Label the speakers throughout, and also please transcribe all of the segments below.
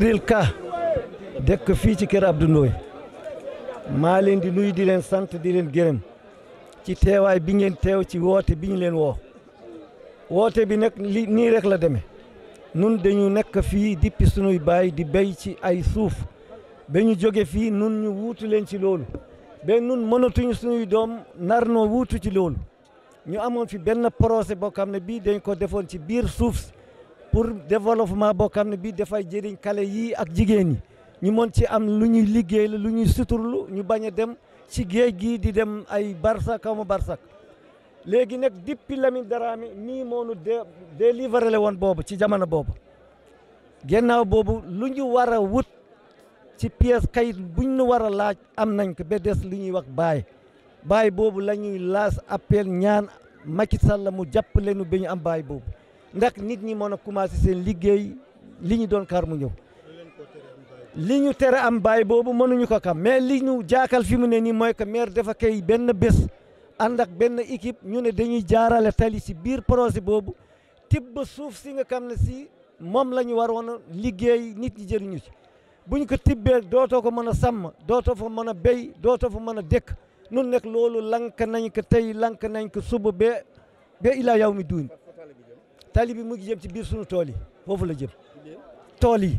Speaker 1: Jibril Ka dëkk fii ci kër Abdou Ndoye maa di nuyu di leen sant di leen gërëm ci teewaay bi ngeen teew ci woote bi ñu leen woo woote bi nag li nii rek la demee nun dañu nekk fii dippi sunuy baay di bay ci ay suuf ba ñu jóge fii nun ñu wuutu leen ci loolu ba nun mënatuñu sunuy doom nar noo wuutu ci loolu ñu amoon fi benn projet boo xam ne bii dañ ko defoon ci biir suuf pour développement boo kam ne bi dafay jëriñ kale yii ak jigéen ñi ñu mën ci am lu ñuy liggéey lu ñuy suturlu ñu bañ a dem ci géej gii di dem ay barsak xaw ma barsak léegi nag depuis Lamine Dramé nii moonu de délivré la woon boobu ci jamono boobu gennaaw boobu lu ñu war a wut ci pièce kayit buñ ñu war a laaj am nañ ko ba des lu ñuy wax baay baay boobu la ñuy laas appel ñaan Macky Sall mu jàppale nu ba ñu am baay boobu ndax nit ñi mën a commencé seen liggéey li ñu doon kar mu ñëw li ñu tere am baay boobu mënuñu ko kam mais li ñu jaakal fi mu ne nii mooy que maire dafa kay benn bés ànd ak benn équipe ñu ne dañuy jaarale tali si biir projet boobu tibb suuf si nga xam ne si moom la ñu war a liggéey nit ñi jëriñu ci bu ñu ko tibbee dootoo ko mën a sàmm dootoo fa mën a béy dootoo fa mën a dëkk nun nekk loolu lank nañ ko tey lank nañ ko suba ba ba ilaa yow mi duun tali bi mu ngi jëm ci biir suñu tool yi foofu la jëm tool yi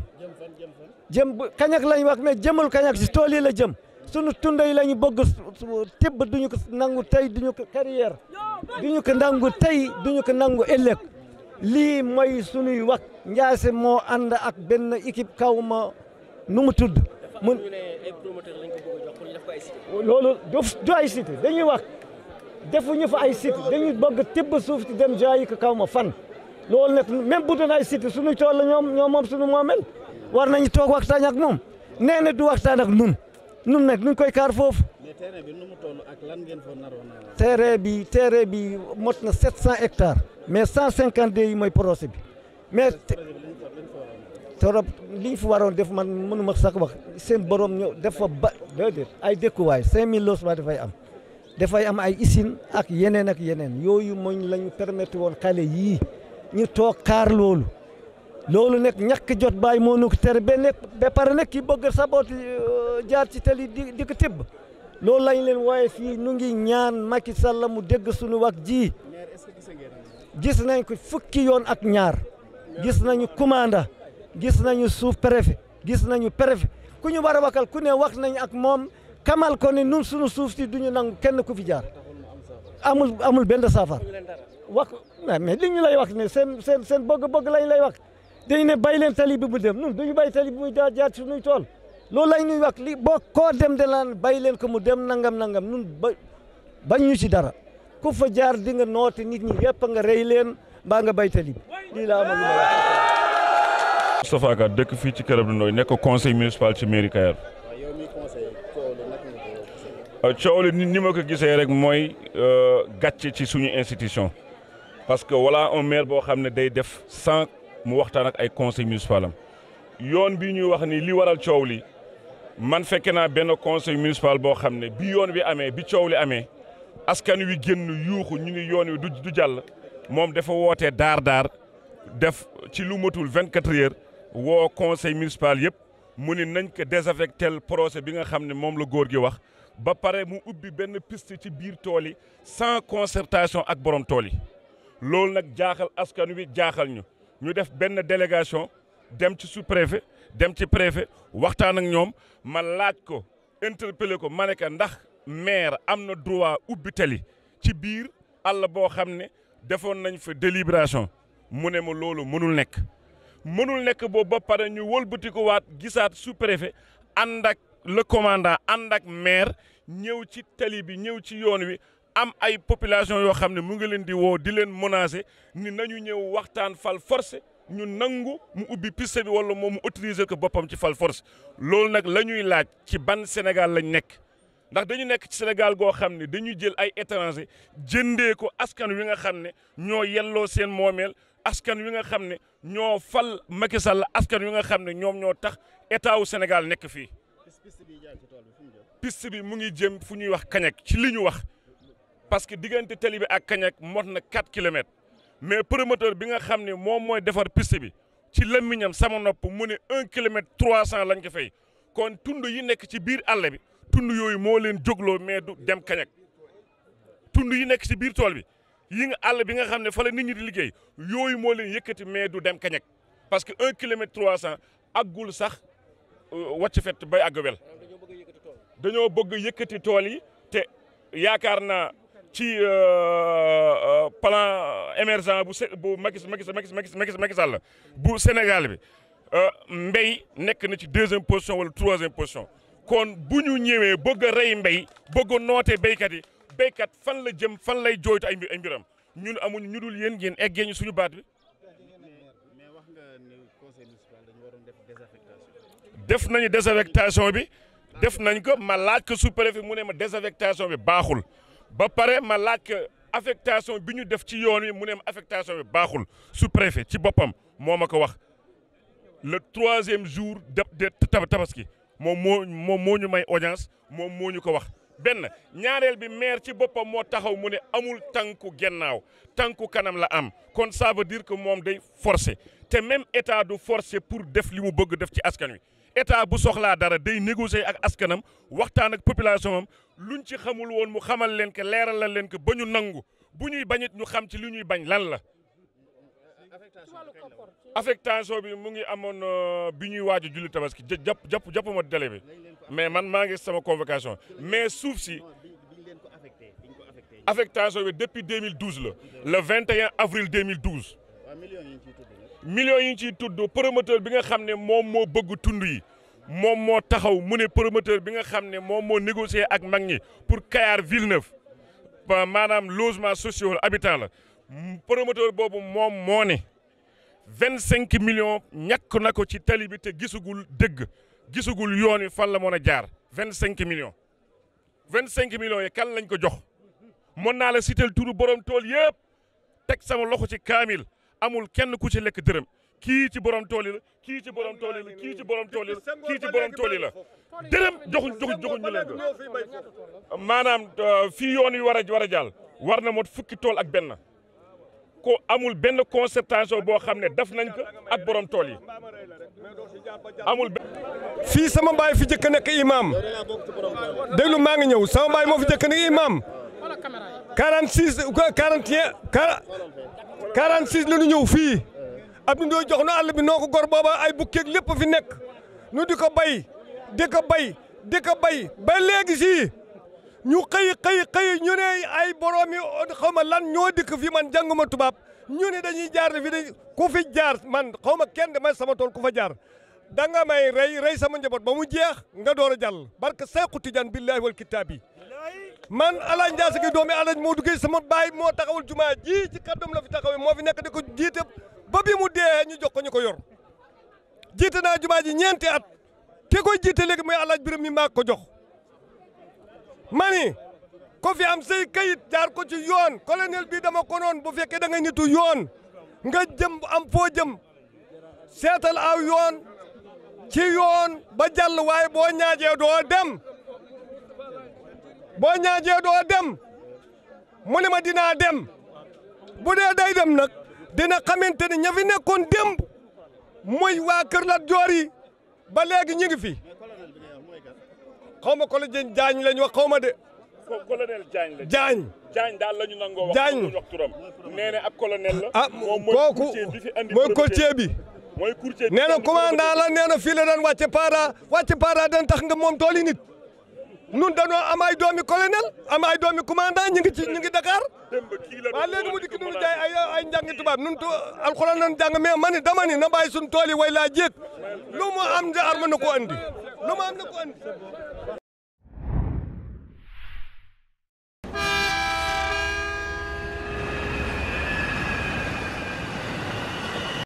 Speaker 1: jëm kañak lañ wax mais jëmul kañak si tool yi la jëm sunu tunda yi la ñu bëgg tibb duñu ko nangu tey duñu ko carrière duñu ko nangu tey duñu ko nangu ëllëg lii mooy sunuy wax Ndiassé moo ànd ak benn équipe kawma ma nu mu tudd mun loolu du ay cité dañuy wax defuñu fu ay cité dañuy bëgg tibb suuf si dem jaayi ko kaw ma fan loolu nag même bu doon ay cité suñu tool la ñoom ñoom moom suñu moomel war nañu toog waxtaan ak moom nee na du waxtaan ak nun nun nag nuñ koy kaar foofu.
Speaker 2: mais bi nu mu toll ak lan ngeen fa naroon a.
Speaker 1: terrain bi terrain bi mot na 700 hectares. mais de yi mooy projet bi. mais te li ñu fi waroon def man mënu ma sax wax seen borom ñëw def fa ba déedéet ay dëkkuwaay 5000 logements dafay am. dafay am ay usine ak yeneen ak yeneen yooyu mooñ lañu permettre woon xale yii. ñu toog xaar loolu loolu nekk ñàkk jot baay moo nu tere ba nekk ba pare nag ki bëgg saboot euh, jaar ci tali di di ko tibb loolu lañ leen waaye fii nu ngi ñaan Macky salla mu dégg suñu wax ji gis nañ ko fukki yoon ak ñaar gis nañu commanda gis nañu suuf préfet gis nañu préfet ku ñu war a wakal ku ne wax nañ ak moom kamal ko ne nun suñu suuf si duñu nangu kenn ku fi jaar amul amul benn saafara waaw li ñu lay wax ne seen seen seen bëgg-bëgg lañ lay wax dañ ne bàyyi leen tali bi mu dem ñun duñu bàyyi tali bi muy jaar jaar suñuy tool loolu lañ ñuy wax li boo koo dem de laan bàyyi leen ko mu dem nangam nangam ñun ba bañ ñu ci dara ku fa jaar di nga nooti nit ñi yëpp nga rey leen baa nga béy tali bi lii laa amoon lu
Speaker 2: Moustapha Ka dëkk fii ci Kéréb Ndoye nekk conseil municipal ci mairie Kayar coow li euh, ni ma ko gisee rek mooy euh, gàcce ci suñu institution parce que voilà un maire boo xam ne day def sans mu waxtaan ak ay conseil municipal am yoon bi ñuy wax ni li waral coow li man fekke naa benn conseil municipal boo xam ne bi yoon wi amee bi coow li amee askan wi génn yuuxu ñu ngi yoon wi du du jàll moom dafa wootee daar daar def ci lu vingt quatre woo conseil municipal yëpp mu ni nañ ko désaffectel procès bi nga xam ne moom la góor gi wax ba pare mu ubbi benn piste ci biir tool yi sans concertation ak borom tool yi loolu nag jaaxal askan wi jaaxal ñu ñu def benn délégation dem ci sous-préfet dem ci préfet waxtaan ak ñoom ma laaj ko interpellé ko ma ne ndax maire am na droit ubbi tali ci biir àll boo xam ne defoon nañ fa délibération mu ne ma loolu mënul nekk mënul nekk boobu ba pare ñu wëlbatiku waat gisaat sous-préfet ànd ak le commandant ànd ak maire ñëw ci tali bi ñëw ci yoon wi am ay population yoo xam ne mu ngi leen di woo di leen menacer ni nañu ñëw waxtaan fal force ñu nangu mu ubbi piste bi wala moom mu autoriser ko boppam ci fal force loolu nag la ñuy laaj ci ban Sénégal lañ nekk ndax dañu nekk ci Sénégal goo xam ne dañu jël ay étranger jëndee ko askan wi nga xam ne ñoo yelloo seen moomeel askan wi nga xam ne ñoo fal Macky Sall askan wi nga xam ne ñoom ñoo tax état wu Sénégal nekk fii. piste bi mu ngi jëm fu ñuy wax kañak ci li ñu wax. parce que diggante tali bi ak Kañak mot na 4 kilomètres mais promoteur bi nga xam ne moom mooy defar piste bi ci lëmmiñam sama nopp mu ne 1 trois 300 lañ ko fay kon tund yi nekk ci biir àll bi tund yooyu moo leen jogloo mais du dem Kañak tund yi nekk ci biir tool bi yi nga àll bi nga xam ne fa la nit ñi di liggéey yooyu moo leen yëkkati mais du dem Kañak parce que 1 kilomètre ak aggul sax euh, wàcc fett bay àgg wel dañoo bëgg yëkkati tool yi yaakaar naa. ci euh, euh, plan émergent bu bu magis magis Macky Sall bu Sénégal bi euh, mbéy nekk na ci deuxième position wala troisième position kon bu ñu ñëwee bëgg a rey mbéy bëgg a noote béykat yi béykat fan la jëm fan lay jooytu ay ay mbiram ñun amuñ ñu dul yéen ngeen eggee ñu suñu baat bi. mais wax nga ni conseil dañu waroon def désaffectation. def nañu désaffectation bi def nañ ko ma laaj ko sous fi mu ne ma désaffectation bi baaxul. ba pare ma laaj que affectation bi ñu def ci yoon wi mu ne ma affectation bi baaxul sous préfet ci boppam moo ma ko wax le troisième jour de tabaski moo moo ñu may audience moom moo ñu ko wax benn ñaareel bi maire ci boppam moo taxaw mu ne amul tànku gennaaw tànku kanam la am kon ça diir dire que moom day force te même état du forcer pour def li mu bëgg def ci askan wi état bu soxlaa dara day négocier ak askanam waxtaan ak population am luñ ci xamul woon mu xamal leen leeral la leen ko ba ñu nangu bu ñuy bañit ñu xam ci lu ñuy bañ lan la. affectation bi mu ngi amoon euh, bi ñuy waaj a julli tabaski jàpp jàpp jàppuma délai bi mais man maa ngi sama convocation mais suuf si. affectation bi depuis 2012 la le 21 avril 2012. million yi ñu ciy tudd promoteur bi nga xam ne moom moo bëgg tund yi. moom moo taxaw mu ne promoteur bi nga xam ne moom moo négocier ak mag ñi pour Kayar Villeneuve maanaam logement social habitant la promoteur boobu moom moo ne vingt cinq millions ñàkk na ko ci tali bi te gisugul dëgg gisugul yoon wi fan la mën a jaar vingt cinq millions vingt cinq millions yi kan lañ ko jox mën naa la sital turu borom tool yëpp teg sama loxo ci kaamil amul kenn ku ci lekk dërëm kii ci borom tool yi la kii ci borom tool yi ci borom tool yi la kii ci borom tool yi la dërëm joxuñ joxuñ joxuñ ñu leen ko maanaam euh, fii yoon wi war a war a jàll war na mot fukki tool ak benn ko amul benn concertation boo xam ne def nañ ko ak borom tool yi amul.
Speaker 3: fii sama baay fi njëkk a nekk imaam déglu maa ngi ñëw sama baay moo fi njëkk a nekk imaam 46 41 46 la ñu ñëw fii. ab nu doo jox na àll bi noo ko gor booba ay bukkeeg lépp fi nekk nu di ko bay di ko bay di ko bay ba léegi sii ñu xëy xëy xëy ñu ne ay boroomi xaw ma lan ñoo dikk fi man jànguma tubaab ñu ne dañuy jaar fi dañ ku fi jaar man xaw ma kenn damay sama tool ku fa jaar da nga may rey rey sama njaboot ba mu jeex nga door a jàll barke Seexu Tijaan billaahi wal kitaab yi man alaaj Njaase gi doomi alaaj moo duggee sama baay moo taxawul jumaa ji ci kàddoom la fi taxawee moo fi nekk ko jiite ba bi mu dee ñu jox ko ñu ko yor jiite naa jumaa ji ñeenti at te koy jiite léegi mooy alaaj biram mi maa ko jox mani ko fi am sey kayit jaar ko ci yoon colonel bi dama ko noon bu fekkee da nga nitu yoon nga jëm am foo jëm seetal aw yoon ci yoon ba jàll waaye boo ñaajee doo dem boo ñaajee doo dem mu ne ma dinaa dem bu dee day nag dina xamante ni ña fi nekkoon démb mooy waa Kër Lat Joor yi ba léegi ñu ngi fi xaw ma colonel Diagne lañ wax xaw ma de.
Speaker 2: colonel Diagne la Diagne. Diagne daal la ñu nangoo wax. Diagne wax turam nee na ab colonel la. ah kooku mooy courtier bi. mooy courtier bi nee na commandant la nee na fii la daan wàcce
Speaker 3: paara wàcce paara dañ nga moom tool yi nit. nun danoo am ay doomi colonel am ay doomi commandant ñu ngi ci ñu ngi Dakar waaw léegi mu dikk ñu jaay ay ay njàngi tubaab nun tu alxuraan nan jàng mais ma ni dama na bàyyi suñ tool yi way laa jéeg lu am nja arma na ko andi am na ko